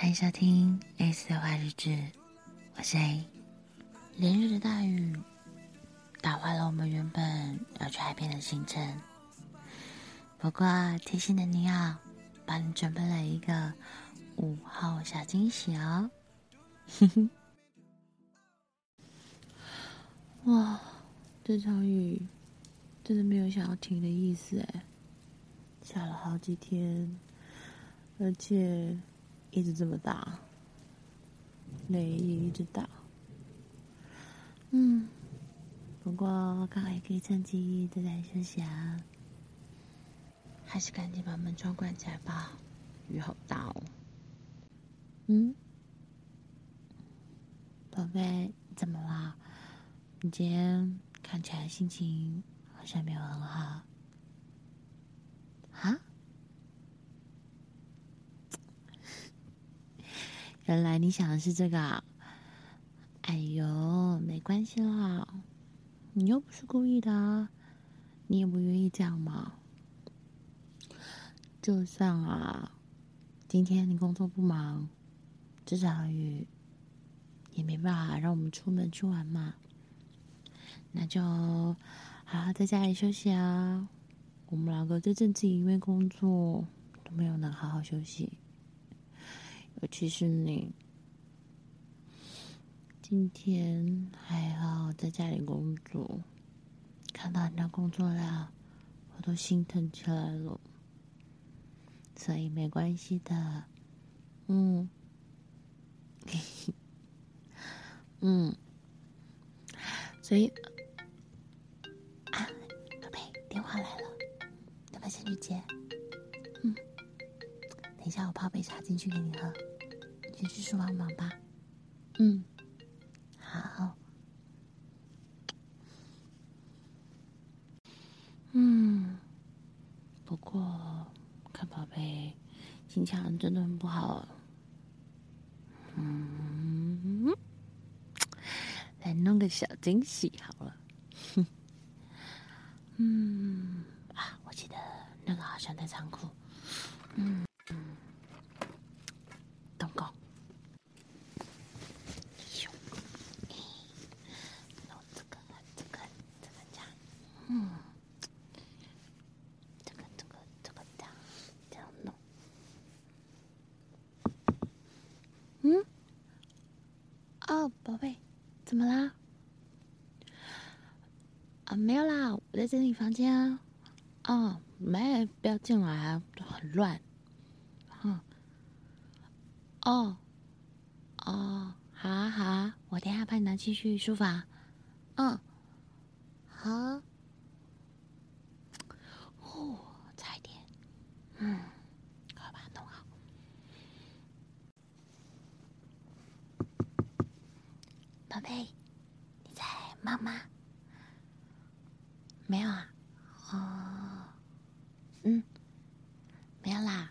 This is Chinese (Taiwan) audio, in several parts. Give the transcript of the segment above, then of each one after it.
歡迎收聽 ACE 的話日志，我是 ACE。連日的大雨打壞了我們原本要去海邊的行程，不過貼心的你啊，幫你準備了一個午後小驚喜哦。 哇，這場雨真的沒有想要停的意思哎，下了好幾天，而且。一直這麼大，雷也一直打。嗯，不過剛好也可以趁機在家休息啊。還是趕緊把門窗關起來吧，雨好大哦。嗯，寶貝，你怎麼了？你今天看起來心情好像沒有很好。啊？原來你想的是這個，啊，哎呦，沒關係啦，你又不是故意的，啊，你也不願意這樣嘛。就算啊，今天你工作不忙，至少也也沒辦法讓我們出門去玩嘛。那就好好在家裡休息啊。我們兩個最近因為工作都沒有能好好休息。尤其是你，今天還要在家裡工作，看到你那工作量，我都心疼起來了。所以沒關係的，嗯，嘿嘿，嗯，所以，啊，寶貝，電話來了，寶貝先去接，嗯，等一下我泡杯茶進去給你喝。先去書房忙吧。嗯，好。嗯，不過看寶貝心情真的很不好啊。嗯，來弄個小驚喜好了。呵呵。嗯，啊，我記得那個好像在倉庫。嗯。嗯，這個、這個、這個，這樣弄。嗯，哦，寶貝，怎麼啦？啊、哦，沒有啦，我在整理房間啊。哦，沒有，不要進來，很亂。嗯，哦，哦，好啊，好啊，我等下幫你拿進去，去書房。嗯、哦，好、啊。寶貝，你在忙嗎？沒有啊，哦，嗯，沒有啦，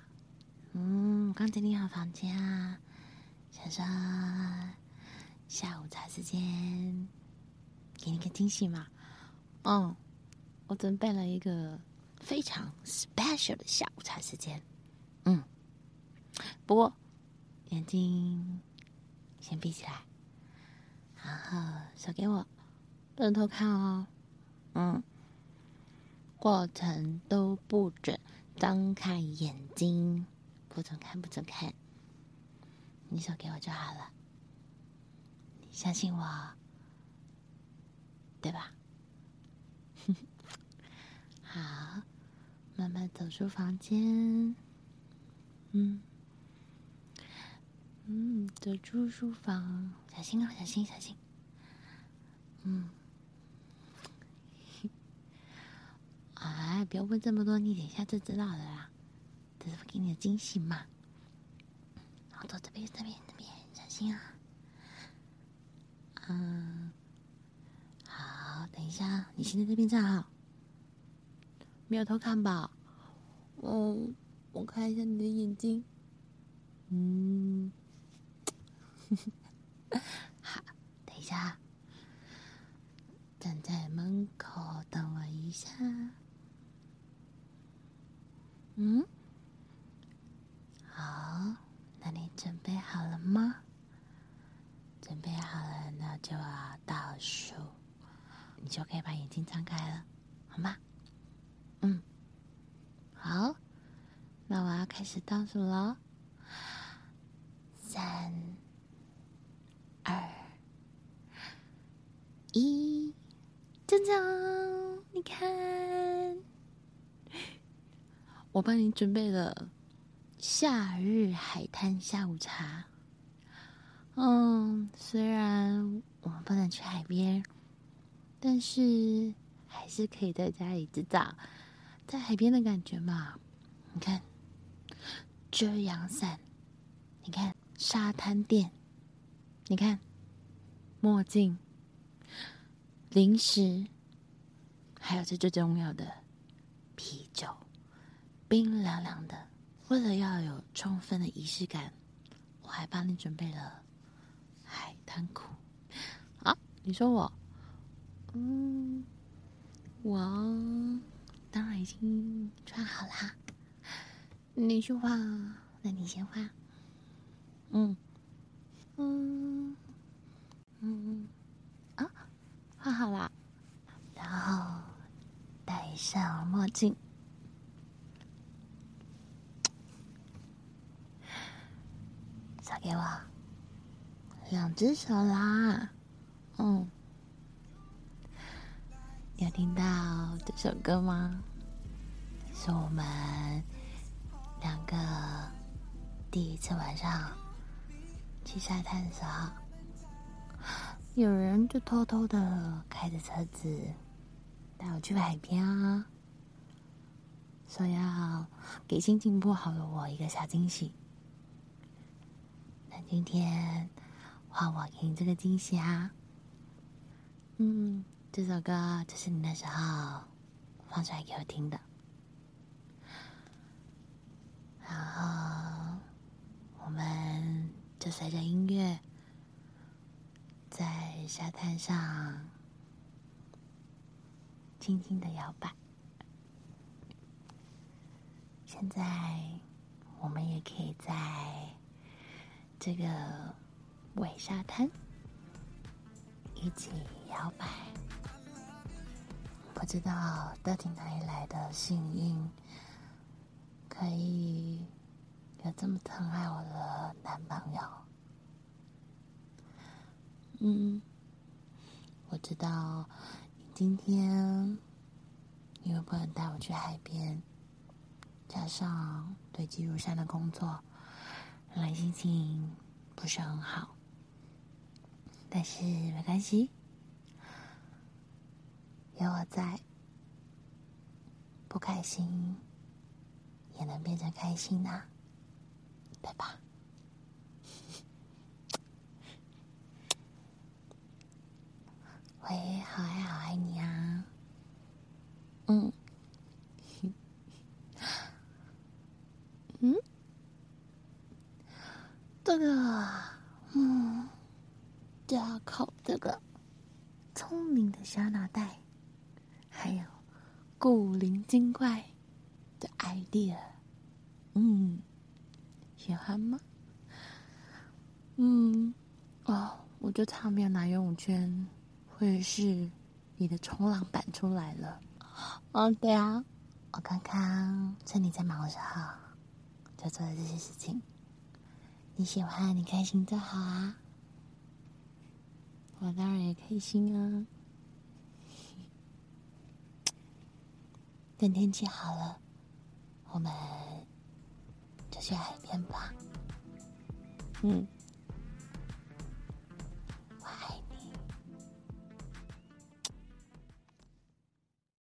嗯，我剛整理好房間啊，想說下午茶時間給你個驚喜嘛，嗯、哦，我準備了一個非常 special 的下午茶時間，嗯，不過眼睛先閉起來。然後手給我，不能偷看哦。嗯，過程都不准張開眼睛，不准看，不准看。你手給我就好了，相信我，對吧？哼哼。好，慢慢走出房間。嗯嗯，走出書房。小心哦、啊，小心，小心！嗯，哎，不要問這麼多，你等一下就知道的啦。這是不給你的驚喜嘛？好，然後走這邊，這邊，這邊，小心啊！嗯，好，等一下，你現在這邊站好。沒有偷看吧？嗯，我看一下你的眼睛。嗯。嗯。好，等一下，站在門口等我一下。嗯，好，那你準備好了嗎？準備好了，那就要、啊、倒數，你就可以把眼睛張開了，好嗎？嗯，好，那我要開始倒數了。一，江江，你看，我幫你準備了夏日海灘下午茶。嗯，雖然我們不能去海邊，但是還是可以在家裡製造在海邊的感覺嘛，你。你看遮陽傘，你看沙灘墊，你看墨鏡。零食，還有最最重要的啤酒，冰涼涼的。為了要有充分的儀式感，我還幫你準備了海灘褲。啊，你說我？嗯，我當然已經穿好啦。你去換，那你先換。嗯嗯嗯嗯。嗯嗯畫好啦，然後戴上墨鏡。交給我，兩隻手啦。嗯，有聽到這首歌嗎？是我們兩個第一次晚上去沙灘的時候。有人就偷偷的開着車子，帶我去海邊啊，說要給心情不好的我一個小驚喜。那今天換我給你這個驚喜啊！嗯，這首歌就是你那時候放出來給我聽的，然後我們就隨着音樂。在沙灘上輕輕的搖擺，現在我們也可以在這個偽沙灘一起搖擺。不知道到底哪裡來的幸運，可以有這麼疼愛我的男朋友。嗯，我知道你今天你又不能帶我去海邊，加上堆積如山的工作，讓人心情不是很好。但是沒關係，有我在，不開心也能變成開心的，啊，對吧？喂，好愛好愛你啊！嗯， 嗯，這個，嗯，就要靠這個聰明的小腦袋，還有古靈精怪的 idea。嗯，喜歡嗎？嗯，哦，我就差沒有拿游泳圈。或者是你的衝浪板出來了，哦，對啊，我剛剛趁你在忙的時候就做了這些事情。你喜歡，你開心就好啊。我當然也開心啊。 等天氣好了，我們就去海邊吧。嗯。